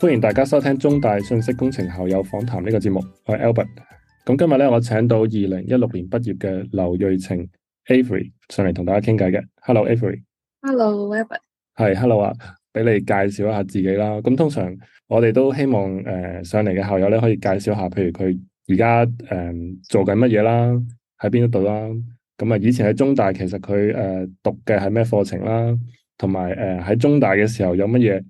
歡迎大家收聽中大信息工程校友訪談呢個節目，我係 Albert。咁今日咧，我請到二零一六年畢業嘅劉蕊澄 Avery 上嚟同大家傾偈嘅。Hello Avery。Hello Albert。係 Hello 啊，俾你介紹一下自己啦。咁通常我哋都希望誒、呃、上嚟嘅校友咧可以介紹下，譬如佢而家誒做緊乜嘢啦，喺邊一度啦。咁、嗯、啊，以前喺中大其實佢誒、呃、讀嘅係咩課程啦，同埋誒喺中大嘅時候有乜嘢？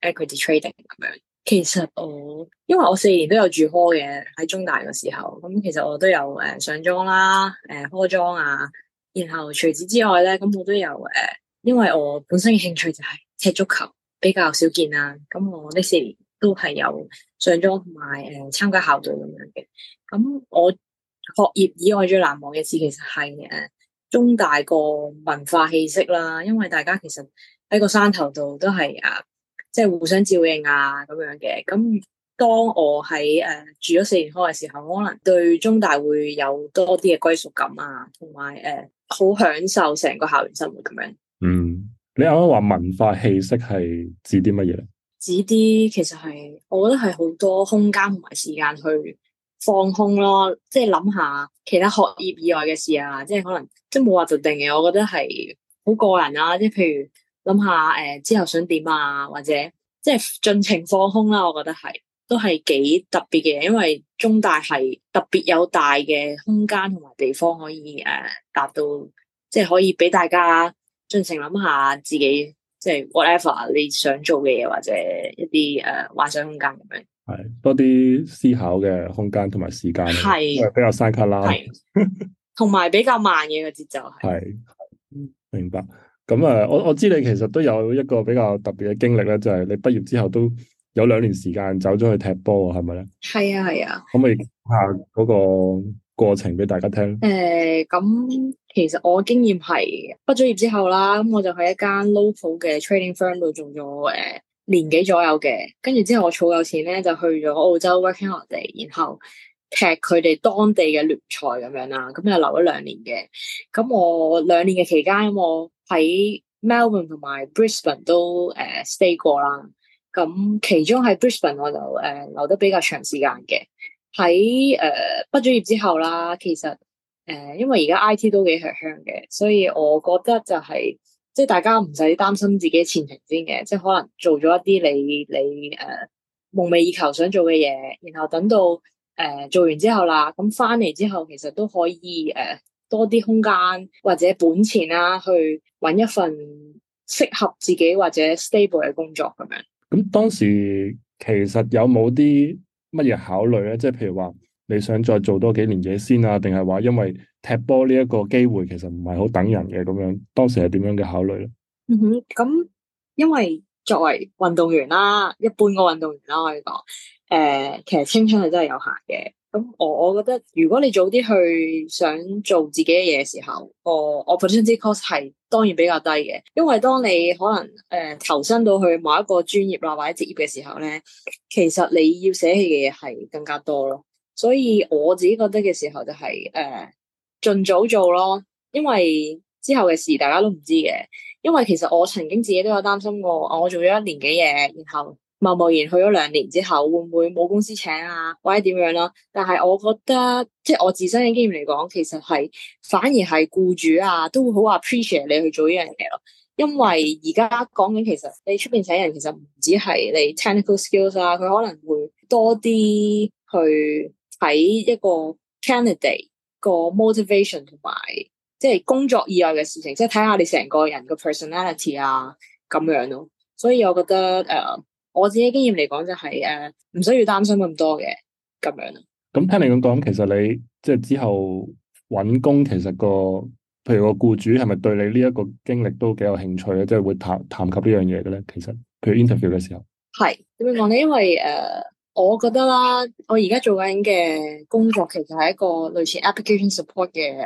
e 咁樣，其實我因為我四年都有住科嘅喺中大嘅時候，咁其實我都有誒上莊啦，誒 h a 啊，然後除此之外咧，咁我都有誒，因為我本身嘅興趣就係踢足球，比較少見啦，咁我呢四年都係有上莊同埋誒參加校隊咁樣嘅。咁我學業以外最難忘嘅事，其實係誒中大個文化氣息啦，因為大家其實喺個山頭度都係啊。即係互相照應啊，咁樣嘅。咁當我喺誒、呃、住咗四年開嘅時候，可能對中大會有多啲嘅歸屬感啊，同埋誒好享受成個校園生活咁樣。嗯，你啱啱話文化氣息係指啲乜嘢咧？指啲其實係，我覺得係好多空間同埋時間去放空咯，即係諗下其他學業以外嘅事啊，即係可能即係冇話特定嘅。我覺得係好個人啊，即係譬如。諗下誒，之後想點啊？或者即係盡情放空啦，我覺得係都係幾特別嘅，因為中大係特別有大嘅空間同埋地方可以誒，達、呃、到即係可以俾大家盡情諗下自己即係 whatever 你想做嘅嘢，或者一啲誒、呃、幻想空間咁樣。係多啲思考嘅空間同埋時間，係是比較山卡啦。係同埋比較慢嘅個節奏係。明白。咁啊、嗯，我我知你其實都有一個比較特別嘅經歷咧，就係、是、你畢業之後都有兩年時間走咗去踢波啊，係咪咧？係啊，係啊。可唔可以講下嗰個過程俾大家聽？誒、嗯，咁、嗯、其實我經驗係畢咗業之後啦，咁我就喺一間 local 嘅 trading firm 度做咗誒、呃、年幾左右嘅，跟住之後我儲夠錢咧，就去咗澳洲 working holiday，然後踢佢哋當地嘅聯賽咁樣啦，咁又留咗兩年嘅。咁我兩年嘅期間咁、嗯、我。喺 Melbourne 同埋 Brisbane 都誒、uh, stay 過啦，咁其中喺 Brisbane 我就誒、uh, 留得比較長時間嘅。喺誒、uh, 畢咗業之後啦，其實誒、uh, 因為而家 IT 都幾吃香嘅，所以我覺得就係即係大家唔使擔心自己前程先嘅，即、就、係、是、可能做咗一啲你你誒、uh, 夢寐以求想做嘅嘢，然後等到誒、uh, 做完之後啦，咁翻嚟之後其實都可以誒。Uh, 多啲空間或者本錢啦、啊，去揾一份適合自己或者 stable 嘅工作咁樣。咁當時其實有冇啲乜嘢考慮咧？即係譬如話你想再做多幾年嘢先啊，定係話因為踢波呢一個機會其實唔係好等人嘅咁樣。當時係點樣嘅考慮咧？嗯哼，咁因為作為運動員啦、啊，一般個運動員啦、啊，我哋講，誒、呃，其實青春係真係有限嘅。咁我、嗯、我覺得如果你早啲去想做自己嘅嘢嘅時候，個 opportunity cost 係當然比較低嘅，因為當你可能誒、呃、投身到去某一個專業啦或者職業嘅時候咧，其實你要捨棄嘅嘢係更加多咯。所以我自己覺得嘅時候就係誒盡早做咯，因為之後嘅事大家都唔知嘅。因為其實我曾經自己都有擔心過，哦、我做咗一年幾嘢，然後。貿貿然去咗兩年之後，會唔會冇公司請啊？或者點樣咯、啊？但係我覺得，即係我自身嘅經驗嚟講，其實係反而係僱主啊，都會好 appreciate 你去做呢樣嘢咯。因為而家講緊其實你出邊請人，其實唔止係你 technical skills 啊，佢可能會多啲去睇一個 candidate 個 motivation 同埋即係工作以外嘅事情，即係睇下你成個人個 personality 啊咁樣咯、啊。所以我覺得誒。Uh, 我自己經驗嚟講就係，誒唔需要擔心咁多嘅咁樣啦。咁聽你咁講，其實你即係之後搵工，其實個譬如個僱主係咪對你呢一個經歷都幾有興趣咧？即係會談談及呢樣嘢嘅咧？其實譬如 interview 嘅時候，係點樣講咧？因為誒、呃，我覺得啦，我而家做緊嘅工作其實係一個類似 application support 嘅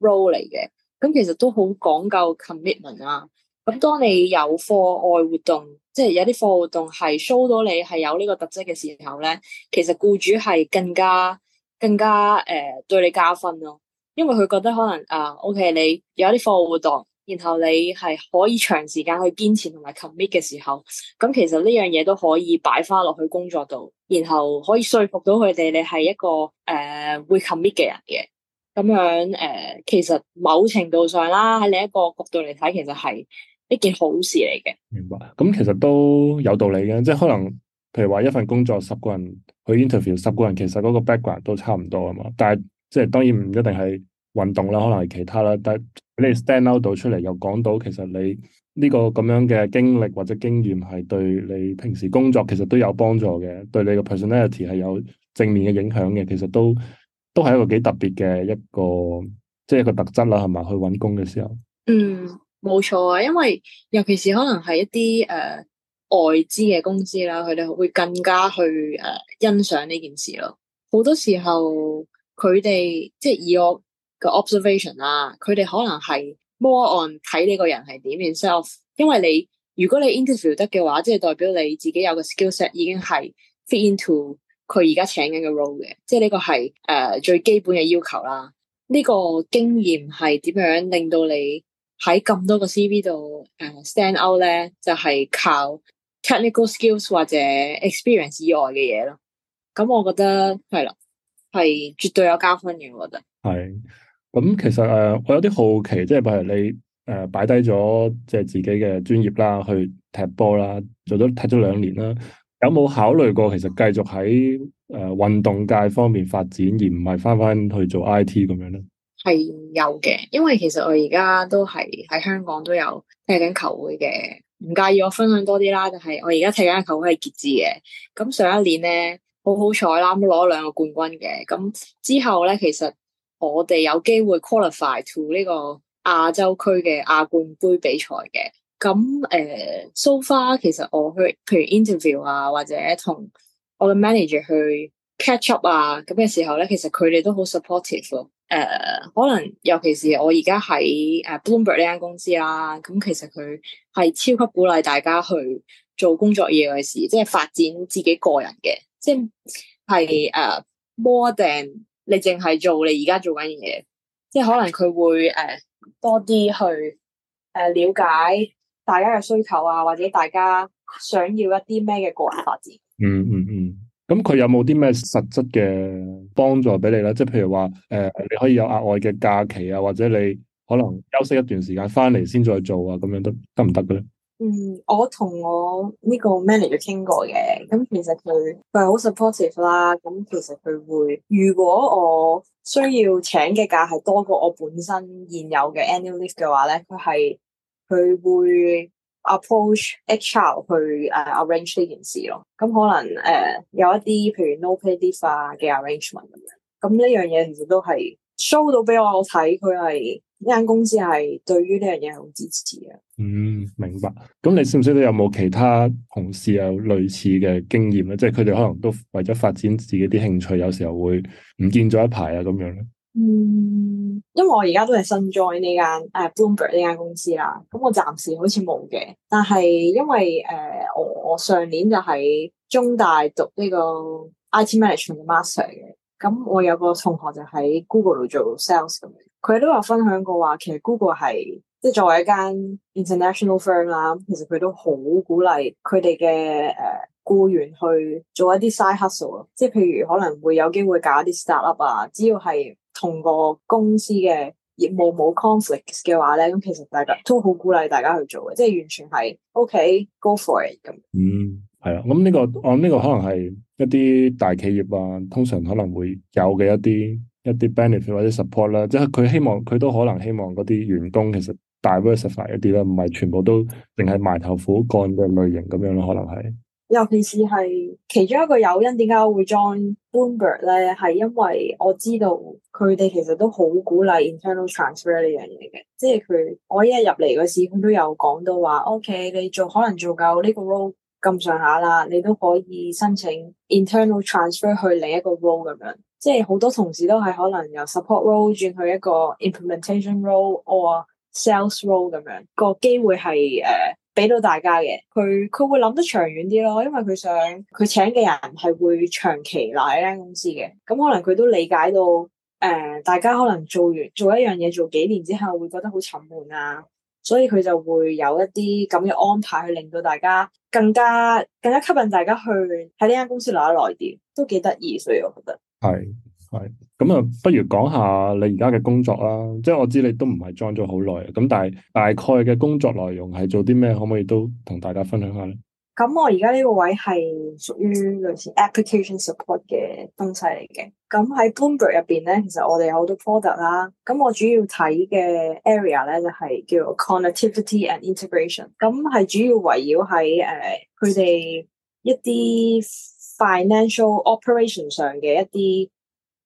role 嚟嘅，咁其實都好講究 commitment 啊。咁當你有課外活動。即係有啲課外活動係 show 到你係有呢個特質嘅時候咧，其實僱主係更加更加誒、呃、對你加分咯，因為佢覺得可能啊，OK 你有一啲課外活動，然後你係可以長時間去堅持同埋 commit 嘅時候，咁、嗯、其實呢樣嘢都可以擺翻落去工作度，然後可以說服到佢哋你係一個誒、呃、會 commit 嘅人嘅，咁樣誒、呃，其實某程度上啦，喺你一個角度嚟睇，其實係。一件好事嚟嘅，明白。咁其實都有道理嘅，即係可能，譬如話一份工作十個人去 interview，十個人其實嗰個 background 都差唔多啊嘛。但係即係當然唔一定係運動啦，可能係其他啦。但係你 stand out 到出嚟，又講到其實你呢個咁樣嘅經歷或者經驗係對你平時工作其實都有幫助嘅，對你嘅 personality 係有正面嘅影響嘅。其實都都係一個幾特別嘅一個，即係一個特徵啦，係嘛？去揾工嘅時候，嗯。冇錯啊，因為尤其是可能係一啲誒、呃、外資嘅公司啦，佢哋會更加去誒、呃、欣賞呢件事咯。好多時候佢哋即係以我個 observation 啦，佢哋可能係 more on 睇呢個人係點樣 self，因為你如果你 interview 得嘅話，即係代表你自己有個 skillset 已經係 fit into 佢而家請緊嘅 role 嘅，即係呢個係誒、呃、最基本嘅要求啦。呢、這個經驗係點樣令到你喺咁多個 CV 度誒、呃、stand out 咧，就係、是、靠 technical skills 或者 experience 以外嘅嘢咯。咁、嗯、我覺得係啦，係絕對有加分嘅。我覺得係。咁、嗯、其實誒、呃，我有啲好奇，即係譬如你誒擺低咗即係自己嘅專業啦，去踢波啦，做咗踢咗兩年啦，嗯、有冇考慮過其實繼續喺誒、呃、運動界方面發展，而唔係翻翻去做 IT 咁樣咧？係有嘅，因為其實我而家都係喺香港都有踢緊球會嘅，唔介意我分享多啲啦。但係我而家踢緊嘅球會係傑志嘅。咁上一年咧，好好彩啦，咁攞咗兩個冠軍嘅。咁之後咧，其實我哋有機會 qualify to 呢個亞洲區嘅亞冠盃比賽嘅。咁誒，呃，so far 其實我去，譬如 interview 啊，或者同我嘅 manager 去 catch up 啊，咁嘅時候咧，其實佢哋都好 supportive 咯。誒，uh, 可能尤其是我而、uh, 家喺誒 Bloomberg 呢間公司啦、啊，咁、嗯、其實佢係超級鼓勵大家去做工作嘢嘅時，即係發展自己個人嘅，即係係誒 more than 你淨係做你而家做緊嘢，即係可能佢會誒、uh, 多啲去誒了解大家嘅需求啊，或者大家想要一啲咩嘅個人發展。嗯嗯嗯。嗯嗯。咁佢有冇啲咩實質嘅幫助俾你咧？即係譬如話，誒、呃、你可以有額外嘅假期啊，或者你可能休息一段時間翻嚟先再做啊，咁樣得得唔得嘅咧？嗯，我同我呢個 manager 傾過嘅，咁其實佢佢係好 supportive 啦。咁其實佢會，如果我需要請嘅假係多過我本身現有嘅 annual leave 嘅話咧，佢係佢會。approach HR 去誒、uh, arrange 呢件事咯，咁可能誒有一啲譬如 no pay leave 嘅 arrangement 咁樣，咁呢樣嘢其實都係 show 到俾我睇，佢係呢間公司係對於呢樣嘢係好支持嘅。嗯，明白。咁你識唔識得有冇其他同事有類似嘅經驗咧？即係佢哋可能都為咗發展自己啲興趣，有時候會唔見咗一排啊咁樣咧。嗯，因為我而家都係、啊、新 join 呢間誒，Bloomberg 呢間公司啦，咁、嗯、我暫時好似冇嘅。但係因為誒、呃，我我上年就喺中大讀呢個 IT Management Master 嘅，咁、嗯、我有個同學就喺 Google 度做 sales，佢都有分享過話，其實 Google 係即係作為一間 international firm 啦，其實佢都好鼓勵佢哋嘅誒僱員去做一啲 side hustle 咯，即係譬如可能會有機會搞一啲 startup 啊，只要係，同個公司嘅業務冇 conflict 嘅話咧，咁其實大家都好鼓勵大家去做嘅，即係完全係 OK，go for it 咁。嗯，係啊，咁呢個我諗呢個可能係一啲大企業啊，通常可能會有嘅一啲一啲 benefit 或者 support 啦，即係佢希望佢都可能希望嗰啲員工其實 diversify 一啲啦，唔係全部都淨係埋頭苦幹嘅類型咁樣咯，可能係。尤其是係其中一個誘因，點解我會 join bun 咧，係因為我知道佢哋其實都好鼓勵 internal transfer 呢樣嘢嘅，即係佢我一日入嚟個試官都有講到話 ok k 你做可能做夠呢個 role 咁上下啦，你都可以申請 internal transfer 去另一個 role 咁樣。即係好多同事都係可能由 support role 轉去一個 implementation role or sales role 咁樣，個機會係誒、uh, 俾到大家嘅，佢佢會諗得長遠啲咯，因為佢想佢請嘅人係會長期留喺間公司嘅，咁、嗯、可能佢都理解到誒、呃，大家可能做完做一樣嘢做幾年之後會覺得好沉悶啊，所以佢就會有一啲咁嘅安排去令到大家更加更加吸引大家去喺呢間公司留得耐啲，都幾得意，所以我覺得係。係，咁啊、嗯，不如講下你而家嘅工作啦，即係我知你都唔係 join 咗好耐咁，但係大概嘅工作內容係做啲咩，可唔可以都同大家分享下咧？咁我而家呢個位係屬於類似 application support 嘅東西嚟嘅，咁喺 Bloomberg 入邊咧，其實我哋有好多 product 啦，咁我主要睇嘅 area 咧就係叫做 connectivity and integration，咁係主要圍繞喺誒佢哋一啲 financial operation 上嘅一啲。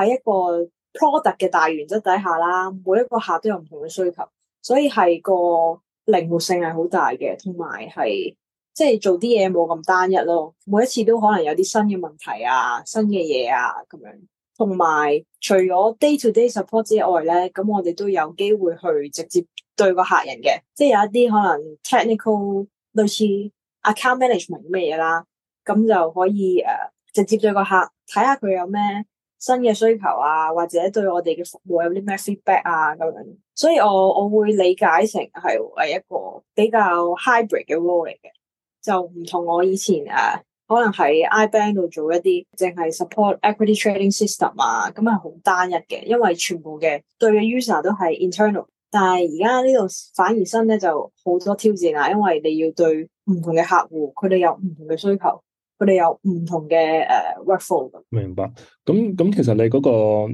喺一個 product 嘅大原則底下啦，每一個客都有唔同嘅需求，所以係個靈活性係好大嘅，同埋係即係做啲嘢冇咁單一咯。每一次都可能有啲新嘅問題啊、新嘅嘢啊咁樣。同埋除咗 day to day support 之外咧，咁我哋都有機會去直接對個客人嘅，即係有一啲可能 technical 類似 account management 咁嘅嘢啦，咁就可以誒、uh, 直接對個客睇下佢有咩新嘅需求啊，或者對我哋嘅服務有啲咩 feedback 啊咁樣，所以我我會理解成係係一個比較 hybrid 嘅 role 嚟嘅，就唔同我以前誒、啊、可能喺 IBank 度做一啲淨係 support equity trading system 啊，咁係好單一嘅，因為全部嘅對嘅 user 都係 internal，但係而家呢度反而新咧就好多挑戰啦、啊，因為你要對唔同嘅客戶，佢哋有唔同嘅需求。佢哋有唔同嘅誒 workflow。明白，咁咁其實你嗰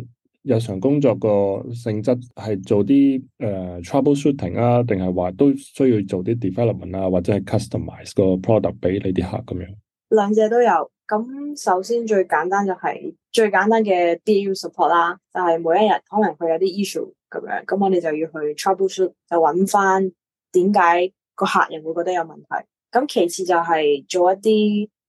個日常工作個性質係做啲誒、呃、troubleshooting 啊，定係話都需要做啲 development 啊，或者係 customize 個 product 俾你啲客咁樣？兩者都有。咁首先最簡單就係、是、最簡單嘅 deal support 啦，就係、是、每一日可能佢有啲 issue 咁樣，咁我哋就要去 troubleshoot，就揾翻點解個客人會覺得有問題。咁其次就係做一啲。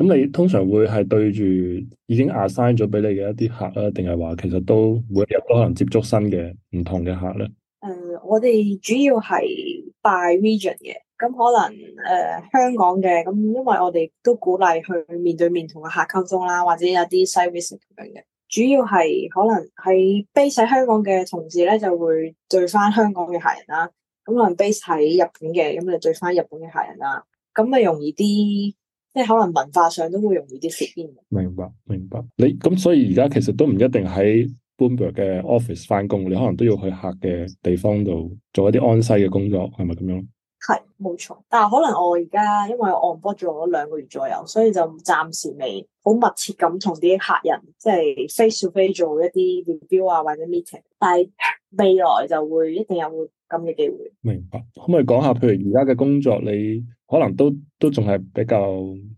咁你通常會係對住已經 assign 咗俾你嘅一啲客啦，定係話其實都每一日都可能接觸新嘅唔同嘅客咧？誒、呃，我哋主要係 by region 嘅，咁可能誒、呃、香港嘅，咁因為我哋都鼓勵去面對面同個客溝通啦，或者有啲 site visit 咁樣嘅。主要係可能喺 base 香港嘅同事咧就會對翻香港嘅客人啦，咁可能 base 喺日本嘅咁就對翻日本嘅客人啦，咁咪容易啲。即係可能文化上都會容易啲適應。明白，明白。你咁所以而家其實都唔一定喺 Bloomberg 嘅 office 翻工，你可能都要去客嘅地方度做一啲安西嘅工作，係咪咁樣？係冇錯，但係可能我而家因為我 onboard 咗兩個月左右，所以就暫時未好密切咁同啲客人即係、就是、face to face 做一啲 review 啊或者 meeting，但係未來就會一定有會咁嘅機會。明白，可唔可以講下，譬如而家嘅工作，你可能都都仲係比較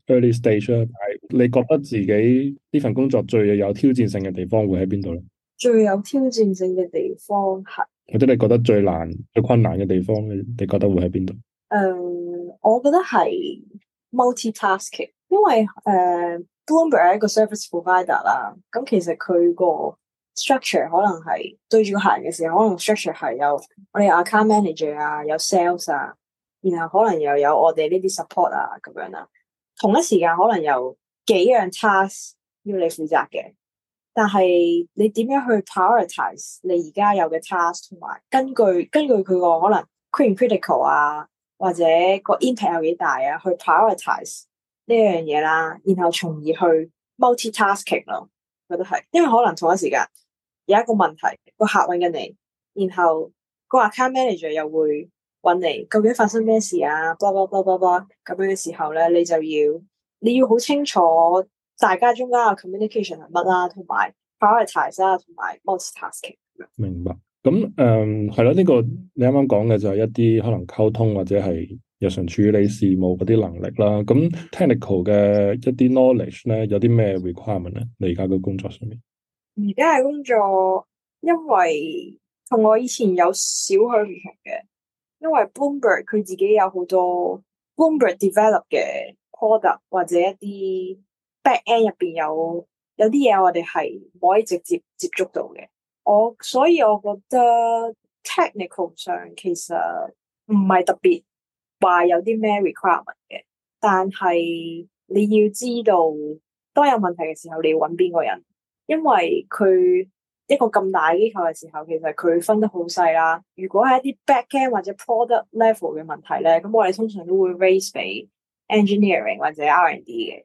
early stage，但你覺得自己呢份工作最有挑戰性嘅地方會喺邊度咧？最有挑戰性嘅地方係。或者你覺得最難、最困難嘅地方，你覺得會喺邊度？誒、呃，我覺得係 multitasking 因為誒、呃，Bloomberg 係一個 service provider 啦、啊。咁、嗯、其實佢個 structure 可能係對住個客人嘅時候，可能 structure 係有我哋 account manager 啊，有 sales 啊，然後可能又有我哋呢啲 support 啊咁樣啦。同一時間可能有幾樣 task 要你負責嘅。但係你點樣去 prioritize 你而家有嘅 task，同埋根據根據佢個可能 critical 啊，或者個 impact 有幾大啊，去 prioritize 呢樣嘢啦，然後從而去 multitasking 咯、啊，覺得係，因為可能同一時間有一個問題個客搵緊你，然後個 account manager 又會搵你，究竟發生咩事啊，blah blah blah blah blah blah，咁樣嘅時候咧，你就要你要好清楚。大家中間嘅 communication 係乜啦、啊，同埋 prioritize、啊、啦，同埋 multitasking 明白，咁誒係咯，呢、嗯這個你啱啱講嘅就係一啲可能溝通或者係日常處理事務嗰啲能力啦。咁 technical 嘅一啲 knowledge 咧，有啲咩 requirement 咧？你而家嘅工作上面，而家係工作，因為同我以前有少許唔同嘅，因為 Bloomberg 佢自己有好多 Bloomberg develop 嘅 product 或者一啲。back end 入邊有有啲嘢我哋係唔可以直接接觸到嘅，我所以我覺得 technical 上其實唔係特別話有啲咩 requirement 嘅，但係你要知道，當有問題嘅時候你要揾邊個人，因為佢一個咁大機構嘅時候，其實佢分得好細啦。如果係一啲 back end 或者 product level 嘅問題咧，咁我哋通常都會 raise 俾 engineering 或者 R&D 嘅。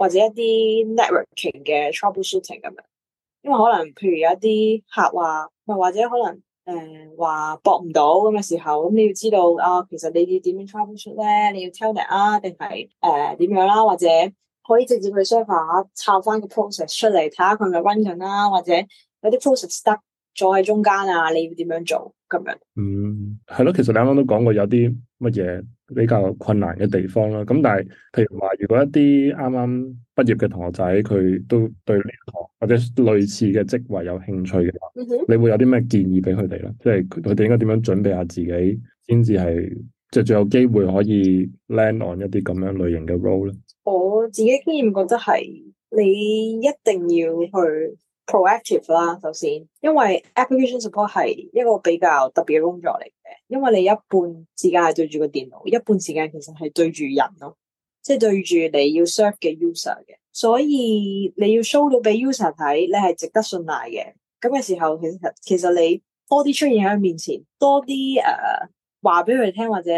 或者一啲 networking 嘅 troubleshooting 咁樣，因為可能譬如有一啲客話，咪或者可能誒話駁唔到咁嘅時候，咁、嗯、你要知道啊、哦，其實你要點樣 troubleshoot 咧？你要 telnet 啊，定係誒點樣啦、啊？或者可以直接去 server 下、啊、抄翻個 process 出嚟，睇下佢咪 run 緊啦、啊？或者有啲 process stuck 咗喺中間啊？你要點樣做咁樣？嗯，係咯，其實你啱啱都講過有啲乜嘢。比較困難嘅地方啦，咁但係，譬如話，如果一啲啱啱畢業嘅同學仔，佢都對呢行或者類似嘅職位有興趣嘅話，嗯、哼你會有啲咩建議俾佢哋咧？即係佢哋應該點樣準備下自己，先至係即係最有機會可以 land on 一啲咁樣類型嘅 role 咧？我自己經驗覺得係你一定要去。Proactive 啦，首先，因為 Application Support 係一個比較特別嘅工作嚟嘅，因為你一半時間係對住個電腦，一半時間其實係對住人咯，即係對住你要 serve 嘅 user 嘅，所以你要 show 到俾 user 睇，你係值得信賴嘅。咁嘅時候，其實其實你多啲出現喺佢面前，多啲誒話俾佢哋聽，或者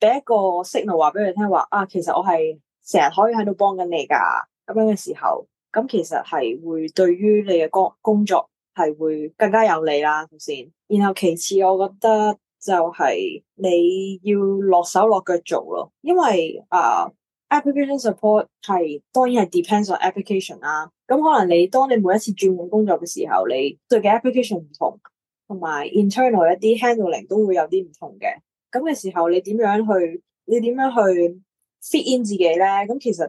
俾一個 signal 話俾佢哋聽，話啊，其實我係成日可以喺度幫緊你㗎，咁樣嘅時候。咁其實係會對於你嘅工工作係會更加有利啦，先。然後其次，我覺得就係你要落手落腳做咯，因為啊，uh，application support 係當然係 depends on application 啦。咁可能你當你每一次轉換工作嘅時候，你對嘅 application 唔同，同埋 internal 一啲 handling 都會有啲唔同嘅。咁嘅時候，你點樣去，你點樣去 fit in 自己咧？咁其實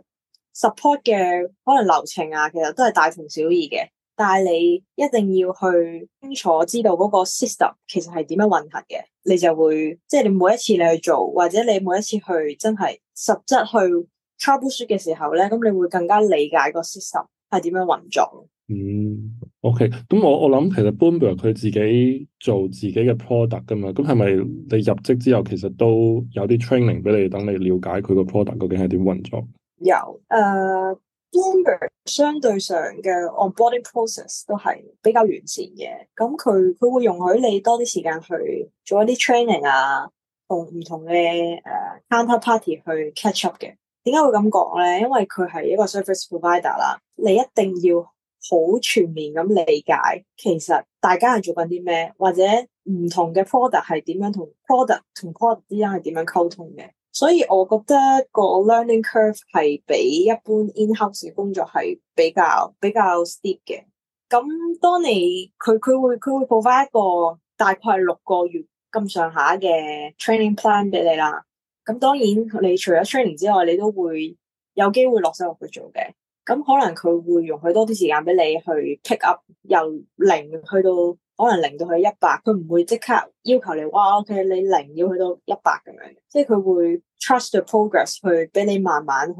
support 嘅可能流程啊，其實都係大同小異嘅，但係你一定要去清楚知道嗰個 system 其實係點樣混合嘅，你就會即係你每一次你去做，或者你每一次去真係實質去 troubleshoot 嘅時候咧，咁你會更加理解個 system 係點樣運作。嗯，OK，咁我我諗其實 Bloomberg 佢自己做自己嘅 product 噶嘛，咁係咪你入職之後其實都有啲 training 俾你，等你了解佢個 product 究竟係點運作？有誒，Bloomberg 相對上嘅 onboarding process 都係比較完善嘅，咁佢佢會容許你多啲時間去做一啲 training 啊，同唔同嘅誒 counter party 去 catch up 嘅。點解會咁講咧？因為佢係一個 service provider 啦，你一定要好全面咁理解，其實大家係做緊啲咩，或者唔同嘅 product 係點樣同 product 同 product 之間係點樣溝通嘅。所以我覺得個 learning curve 係比一般 in-house 嘅工作係比較比較 steep 嘅。咁當你佢佢會佢會 provide 一個大概係六個月咁上下嘅 training plan 俾你啦。咁當然你除咗 training 之外，你都會有機會落手落去做嘅。咁可能佢會用佢多啲時間俾你去 pick up 由零去到。可能零到去一百，佢唔會即刻要求你，哇！OK，你零要去到一百咁樣，即係佢會 trust the progress 去俾你慢慢去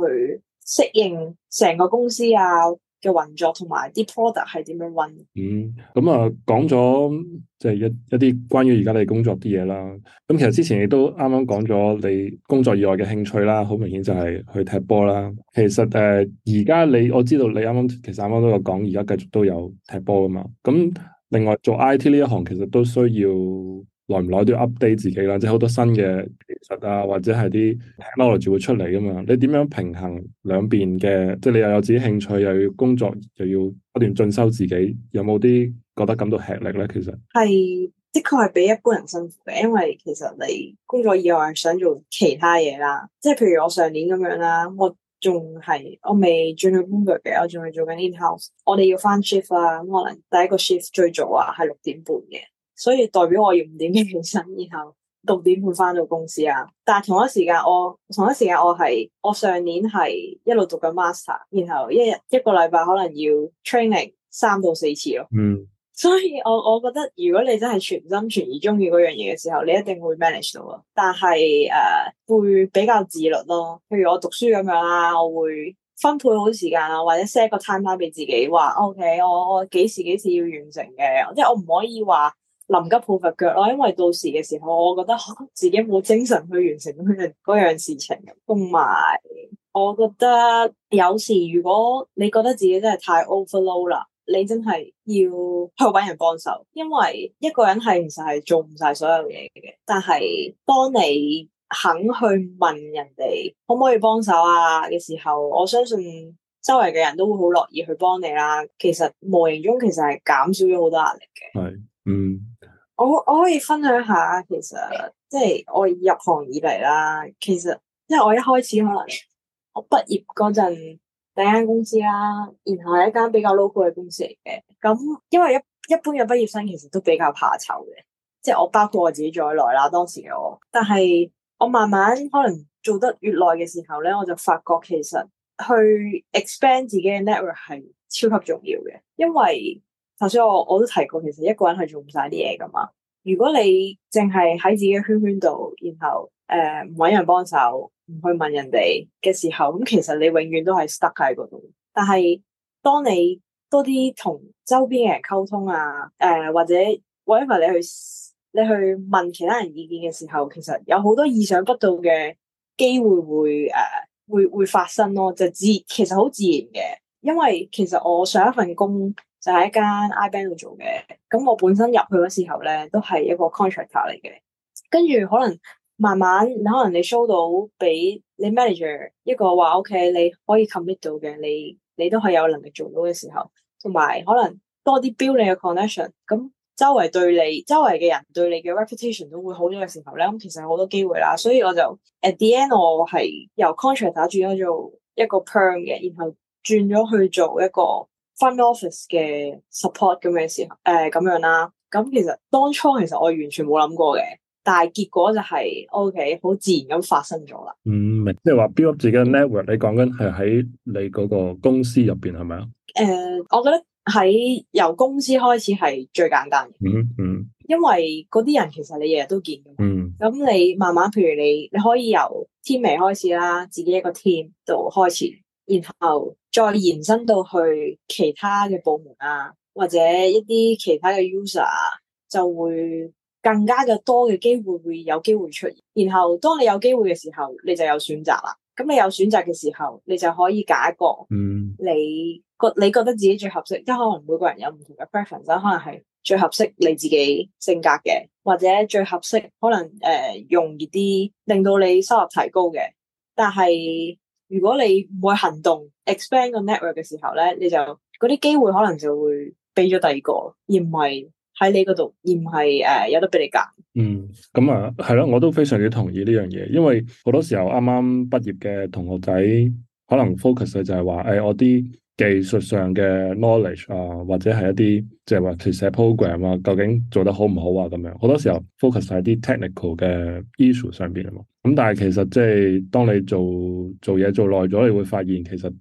適應成個公司啊嘅運作，同埋啲 product 係點樣 r u 嗯，咁、嗯、啊，講咗即係一一啲關於而家你工作啲嘢啦。咁、嗯、其實之前亦都啱啱講咗你工作以外嘅興趣啦，好明顯就係去踢波啦。其實誒，而、呃、家你我知道你啱啱其實啱啱都有講，而家繼續都有踢波噶嘛？咁、嗯。另外做 IT 呢一行其實都需要耐唔耐都要 update 自己啦，即係好多新嘅技術啊，或者係啲 knowledge 會出嚟噶嘛。你點樣平衡兩邊嘅？即係你又有自己興趣，又要工作，又要不斷進修自己，有冇啲覺得感到吃力咧？其實係的確係比一般人辛苦嘅，因為其實你工作以外想做其他嘢啦，即係譬如我上年咁樣啦，我。仲係我未轉去工作嘅，我仲係做緊 in house。我哋要翻 shift 啊，咁可能第一個 shift 最早啊係六點半嘅，所以代表我要五點起身，然後六點半翻到公司啊。但係同一時間，我同一時間我係我上年係一路讀緊 master，然後一日一個禮拜可能要 training 三到四次咯。嗯。所以我我覺得如果你真係全心全意中意嗰樣嘢嘅時候，你一定會 manage 到啊。但係誒、uh, 會比較自律咯。譬如我讀書咁樣啦，我會分配好時間啊，或者 set 個 time 啦俾自己話，OK，我我幾時幾時要完成嘅，即係我唔可以話臨急抱佛腳咯。因為到時嘅時候，我覺得自己冇精神去完成佢樣嗰樣事情。同埋，我覺得有時如果你覺得自己真係太 overload 啦。你真係要去揾人幫手，因為一個人係其實係做唔晒所有嘢嘅。但係當你肯去問人哋可唔可以幫手啊嘅時候，我相信周圍嘅人都會好樂意去幫你啦。其實無形中其實係減少咗好多壓力嘅。係，嗯，我我可以分享下，其實即係我入行以嚟啦，其實因為我一開始可能我畢業嗰陣。第一間公司啦，然後係一間比較 local 嘅公司嚟嘅。咁因為一一般嘅畢業生其實都比較怕醜嘅，即係我包括我自己在內啦。當時嘅我，但係我慢慢可能做得越耐嘅時候咧，我就發覺其實去 expand 自己嘅 network 係超級重要嘅。因為頭先我我都提過，其實一個人係做唔晒啲嘢噶嘛。如果你淨係喺自己嘅圈圈度，然後～誒，唔揾、uh, 人幫手，唔去問人哋嘅時候，咁其實你永遠都係 stuck 喺嗰度。但係當你多啲同周邊嘅人溝通啊，誒、uh, 或者 whatever，want, 你去你去問其他人意見嘅時候，其實有好多意想不到嘅機會會誒、uh, 會會發生咯，就自其實好自然嘅。因為其實我上一份工就喺一間 IBank 度做嘅，咁我本身入去嗰時候咧，都係一個 contract 嚟嘅，跟住可能。慢慢，可能你 show 到俾你 manager 一個話，OK，你可以 commit 到嘅，你你都係有能力做到嘅時候，同埋可能多啲 build 你嘅 connection，咁周圍對你周圍嘅人對你嘅 reputation 都會好咗嘅時候咧，咁其實好多機會啦。所以我就 at the end，我係由 contract 打轉咗做一個 perm 嘅，然後轉咗去做一個 fund office 嘅 support 咁嘅時候，誒、呃，咁樣啦。咁其實當初其實我完全冇諗過嘅。但係結果就係、是、OK，好自然咁發生咗啦。唔明、嗯，即係話 build up 自己嘅 network，你講緊係喺你嗰個公司入邊係咪啊？誒、呃，我覺得喺由公司開始係最簡單嘅、嗯。嗯嗯。因為嗰啲人其實你日日都見嘅。嗯。咁你慢慢，譬如你你可以由 team 嚟開始啦，自己一個 team 度開始，然後再延伸到去其他嘅部門啊，或者一啲其他嘅 user 就會，更加嘅多嘅機會會有機會出現，然後當你有機會嘅時候，你就有選擇啦。咁你有選擇嘅時候，你就可以揀一個，你覺、嗯、你覺得自己最合適，即係可能每個人有唔同嘅 preference，可能係最合適你自己性格嘅，或者最合適可能誒、呃、容易啲令到你收入提高嘅。但係如果你唔會行動，expand 個 network 嘅時候咧，你就嗰啲機會可能就會俾咗第二個，而唔係。喺你嗰度，而唔係誒有得俾你揀、嗯。嗯，咁、嗯、啊，係咯，我都非常之同意呢樣嘢，因為好多時候啱啱畢業嘅同學仔，可能 focus 嘅就係話，誒、哎、我啲技術上嘅 knowledge 啊，或者係一啲即係話寫 program 啊，究竟做得好唔好啊？咁樣好多時候 focus 喺啲 technical 嘅 issue 上邊啊嘛。咁、嗯、但係其實即係當你做做嘢做耐咗，你會發現其實。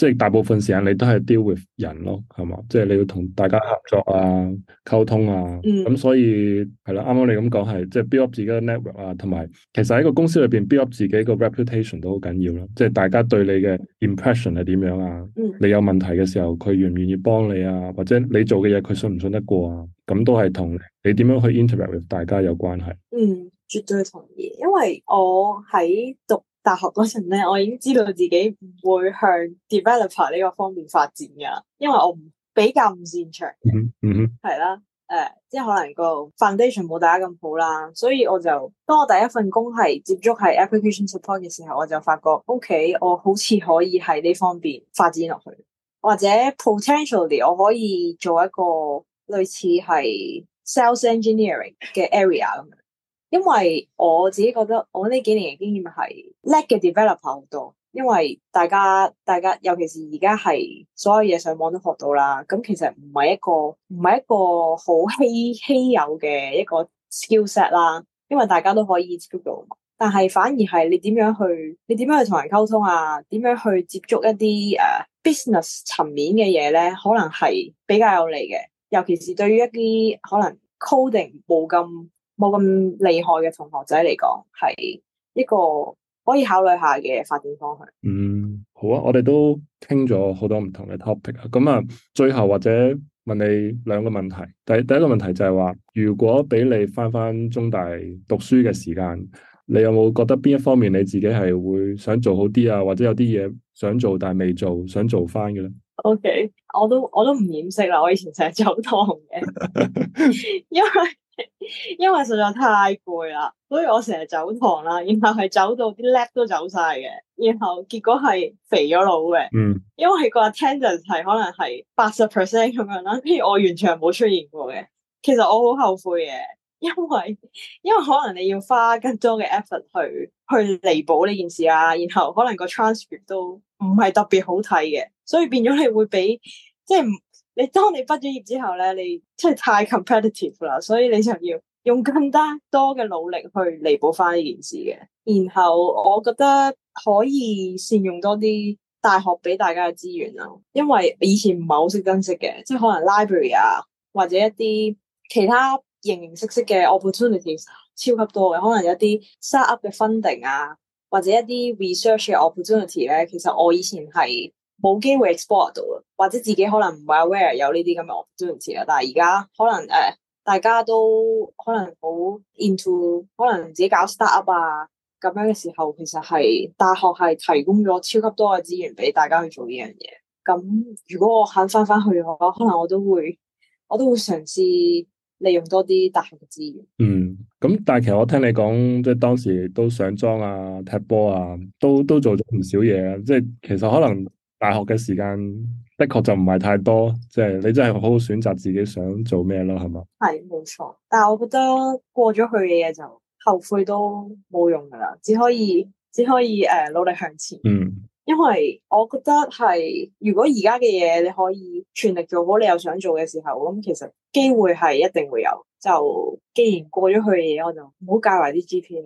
即係大部分時間你都係 deal with 人咯，係嘛？即係你要同大家合作啊、溝通啊，咁、嗯、所以係啦。啱啱你咁講係，即係 build up 自己個 network 啊，同埋其實喺個公司裏邊 build up 自己個 reputation 都好緊要咯、啊。即係大家對你嘅 impression 係點樣啊？嗯、你有問題嘅時候，佢願唔願意幫你啊？或者你做嘅嘢佢信唔信得過啊？咁都係同你點樣去 interact with 大家有關係。嗯，絕對同意。因為我喺讀大學嗰陣咧，我已經知道自己唔會向 developer 呢個方面發展噶，因為我唔比較唔擅長，係啦、mm，誒、hmm. 呃，即係可能個 foundation 冇大家咁好啦，所以我就當我第一份工係接觸係 application support 嘅時候，我就發覺，ok，我好似可以喺呢方面發展落去，或者 potentially 我可以做一個類似係 sales engineering 嘅 area 咁。因為我自己覺得我呢幾年嘅經驗係叻嘅 developer 好多，因為大家大家尤其是而家係所有嘢，上網都學到啦，咁其實唔係一個唔係一個好稀稀有嘅一個 skillset 啦，因為大家都可以接觸到，但係反而係你點樣去你點樣去同人溝通啊，點樣去接觸一啲誒、uh, business 層面嘅嘢咧，可能係比較有利嘅，尤其是對於一啲可能 coding 冇咁。冇咁厲害嘅同學仔嚟講，係一個可以考慮下嘅發展方向。嗯，好啊，我哋都傾咗好多唔同嘅 topic 啊。咁、嗯、啊，最後或者問你兩個問題。第第一個問題就係話，如果俾你翻翻中大讀書嘅時間，你有冇覺得邊一方面你自己係會想做好啲啊？或者有啲嘢想做但係未做，想做翻嘅咧？OK，我都我都唔掩色唔掩飾啦，我以前成日走堂嘅，因為。 因為實在太攰啦，所以我成日走堂啦，然後係走到啲叻都走晒嘅，然後結果係肥咗佬嘅。嗯，因為個 attendance 係可能係八十 percent 咁樣啦，跟住，我完全冇出現過嘅。其實我好後悔嘅，因為因為可能你要花更多嘅 effort 去去彌補呢件事啊。然後可能個 transcript 都唔係特別好睇嘅，所以變咗你會俾即係你當你畢咗業之後咧，你真係太 competitive 啦，所以你就要用更加多嘅努力去彌補翻呢件事嘅。然後我覺得可以善用多啲大學俾大家嘅資源囉，因為以前唔係好識珍惜嘅，即係可能 library 啊，或者一啲其他形形色色嘅 opportunities，超級多嘅，可能有一啲 start up 嘅 funding 啊，或者一啲 research 嘅 opportunity 咧，其實我以前係。冇機會 export 到啊，或者自己可能唔 aware 有呢啲咁嘅 o 專門詞啊。但係而家可能誒、呃，大家都可能好 into，可能自己搞 start up 啊咁樣嘅時候，其實係大學係提供咗超級多嘅資源俾大家去做呢樣嘢。咁如果我肯翻返去嘅話，可能我都會，我都會嘗試利用多啲大學嘅資源。嗯，咁但係其實我聽你講，即係當時都上莊啊、踢波啊，都都做咗唔少嘢啊。即係其實可能。大學嘅時間的確就唔係太多，即係你真係好好選擇自己想做咩咯，係嘛？係冇錯，但係我覺得過咗去嘅嘢就後悔都冇用噶啦，只可以只可以誒、呃、努力向前。嗯，因為我覺得係如果而家嘅嘢你可以全力做好，你又想做嘅時候，咁其實機會係一定會有。就既然過咗去嘅嘢，我就唔好教埋啲之前。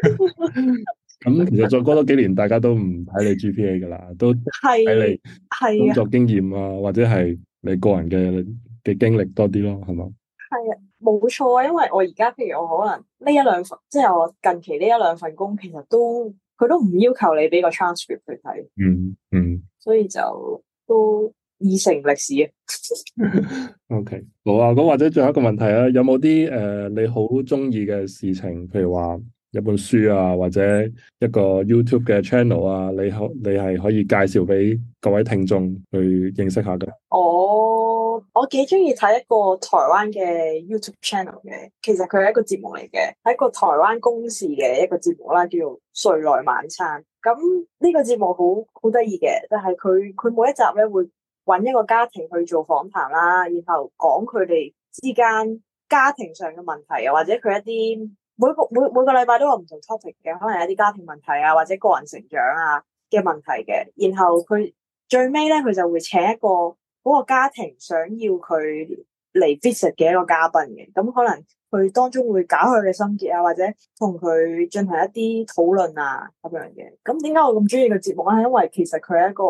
咁、嗯、其實再過多幾年，大家都唔睇你 GPA 噶啦，都睇你工作經驗啊，的或者係你個人嘅嘅經歷多啲咯，係嘛？係啊，冇錯啊，因為我而家譬如我可能呢一兩份，即係我近期呢一兩份工，其實都佢都唔要求你俾個 transcript 去睇、嗯。嗯嗯。所以就都已成歷史。 o、okay, K，好啊，咁或者最後一個問題啊，有冇啲誒你好中意嘅事情，譬如話？一本書啊，或者一個 YouTube 嘅 channel 啊，你可你係可以介紹俾各位聽眾去認識下嘅。哦，我幾中意睇一個台灣嘅 YouTube channel 嘅，其實佢係一個節目嚟嘅，係一個台灣公視嘅一個節目啦，叫做《睡來晚餐》。咁呢個節目好好得意嘅，就係佢佢每一集咧會搵一個家庭去做訪談啦，然後講佢哋之間家庭上嘅問題啊，或者佢一啲。每,每個每每個禮拜都有唔同 topic 嘅，可能有啲家庭問題啊，或者個人成長啊嘅問題嘅。然後佢最尾咧，佢就會請一個嗰個家庭想要佢嚟 visit 嘅一個嘉賓嘅。咁、嗯、可能佢當中會搞佢嘅心結啊，或者同佢進行一啲討論啊咁樣嘅。咁點解我咁中意個節目咧？係因為其實佢係一個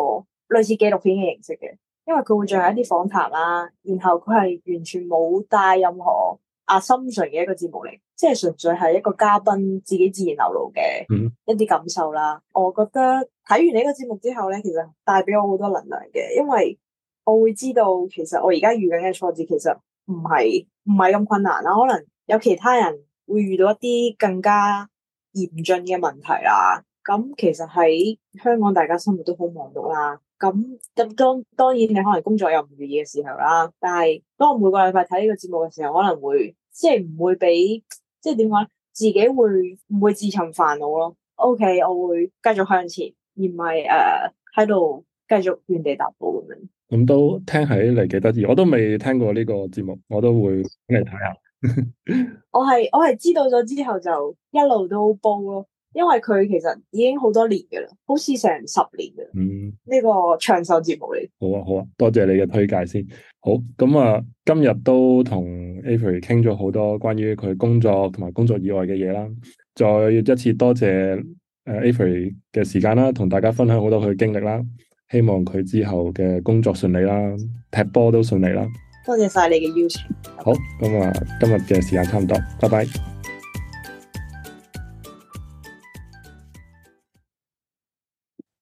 類似紀錄片嘅形式嘅，因為佢會進行一啲訪談啦，然後佢係完全冇帶任何。啊，純粹嘅一個節目嚟，即係純粹係一個嘉賓自己自然流露嘅一啲感受啦。嗯、我覺得睇完呢個節目之後咧，其實帶俾我好多能量嘅，因為我會知道其實我而家遇緊嘅挫折其實唔係唔係咁困難啦，可能有其他人會遇到一啲更加嚴峻嘅問題啦。咁其實喺香港大家生活都好忙碌啦。咁咁，當當然你可能工作又唔如意嘅時候啦，但係當我每個禮拜睇呢個節目嘅時候，可能會即係唔會俾即係點講咧，自己會唔會自尋煩惱咯？OK，我會繼續向前，而唔係誒喺度繼續原地踏步咁樣。咁都聽起嚟幾得意，我都未聽過呢個節目，我都會俾你睇下。 我係我係知道咗之後，就一路都煲咯。因為佢其實已經好多年嘅啦，好似成十年嘅。嗯，呢個長壽節目嚟。好啊，好啊，多謝你嘅推介先。好，咁啊，今日都同 Avery 傾咗好多關於佢工作同埋工作以外嘅嘢啦。再一次多謝誒、嗯呃、Avery 嘅時間啦，同大家分享好多佢嘅經歷啦。希望佢之後嘅工作順利啦，踢波都順利啦。多謝晒你嘅邀請。好，咁啊，今日嘅時間差唔多，拜拜。